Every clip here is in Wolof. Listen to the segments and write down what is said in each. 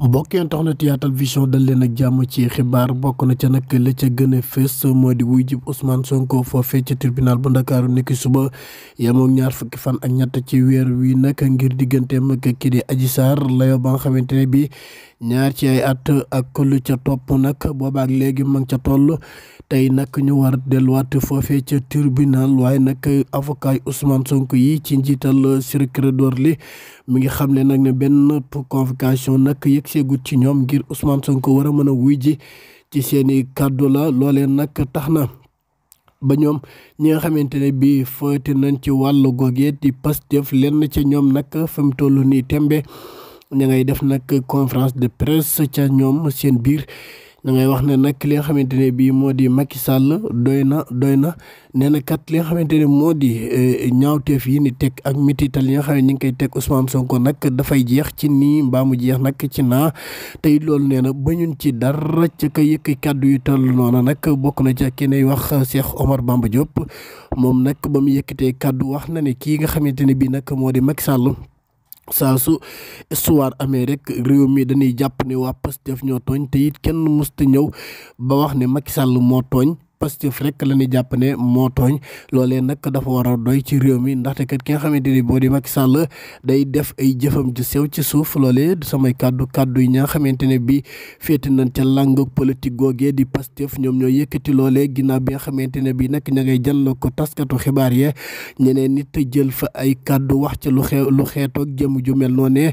mbokkeen tax na Yaatal Vision dal leen jàmm ci xibaar bokk na ca nag la ca gën a fës moo di wuy jib Ousmane Sonko foofee ca tribunal bu Ndakaaru nekk suba yemoog ñaar fukki fan ak ñett ci weer wi nag ngir digganteem ak kii di Adji layo ba nga xamante ne bi ñaar ci ay at ak lu ca topp nag boobaak léegi ma ca toll tey nag ñu war delluwaat foofee ca tribunal waaye nag avocat yi sonk yi ci njiital Ciré Clédor Ly mi ngi xam ne nag ne benn convocation nag agsegut ci ñoom ngir Ousmane ko war a mën a wuy ji ci seeni kàddu la looleen nag tax na ba ñoom ñi nga xamante ne bii foyte nañ ci wàllu googee di Pastef lenn ca ñoom nag fa mu toll nii tembe ña ngay def nag confrance de presse ca ñoom seen biir da wax ne nag li nga xamante ne bii moo di Macky Sall doy na doy na nee na kat li xamante ne moo di eh, ñaawteef yi ni tekk ak mitital yi nga xam ne ñu ngi koy teg Ousmane Sonko nag dafay jeex ci nii mbaamu jeex nag ci naa tey loolu nee na bañuñ ci dara ca ka yëkk kàddu yu toll noonu nag bokk na ca ki nay wax Cheikh Omar Bamba Diop moom nag ba mu yëkkatee kàddu wax na ne kii nga xamante ne bii nag moo di Macky Sall saa su histoire amee rek réew mi dañuy jàpp ni waa Pastef ñoo tooñ te it kenn musta ñëw ba wax ne Macky Sall moo tooñ Pastef rek la ñu jàpp ne moo tooñ loolee nag dafa war a doy ci réew mi ndaxte kat ki nga xamante ni boo di Macky Sall day def ay jëfam ju sew ci suuf loolee samay kàddu kàddu yi ñaa xamante ne bi féete nañ ca làng politique googee di Pastef ñoom ñoo yëkkati loolee ginnaaw bi nga xamante ne bi nag ña ngay jàll ko taskatu xibaar yee ñeneen nit jël fa ay kàddu wax ca lu lu xeetoog jëm ju mel noonee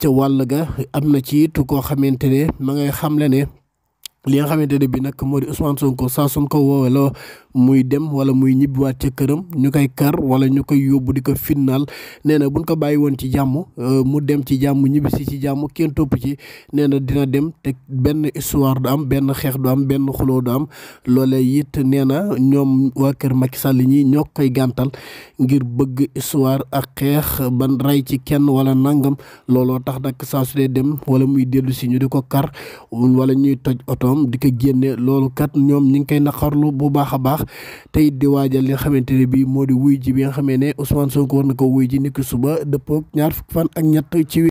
ca wàll ga am na ci it koo xamante ne ma ngay xamle ne li nga xamante ne bi nag moo di Ousmane Sonko saa suñ ko wooweloo muy dem wala muy ñibbiwaat ca këram ñu koy kar wala ñu koy yóbbu di ko finnaal nee na buñ ko bàyyi woon ci jàmm euh, mu dem ci jàmm ñibbisi ci jàmm kenn topp ci nee na dina dem te benn histoire du am benn xeex du am benn xuloo du am loolee it nee na ñoom waa kër Macky Sall ñi ñoo koy gàntal ngir bëgg histoire ak xeex ban rey ci kenn wala nangam looloo tax dakk saa su dee dem wala muy dellu si ñu di ko kar wala ñuy toj otoom di ko génne loolu kat ñoom ñu ngi koy naqarlu bu baax a baax baax te it di waajal li nga xamante ne bii moo di wuy ji bi nga xamee ne Ousmane Sonko war na ko wuy ji niki suba dëppoo ñaar fan ak ñett ci.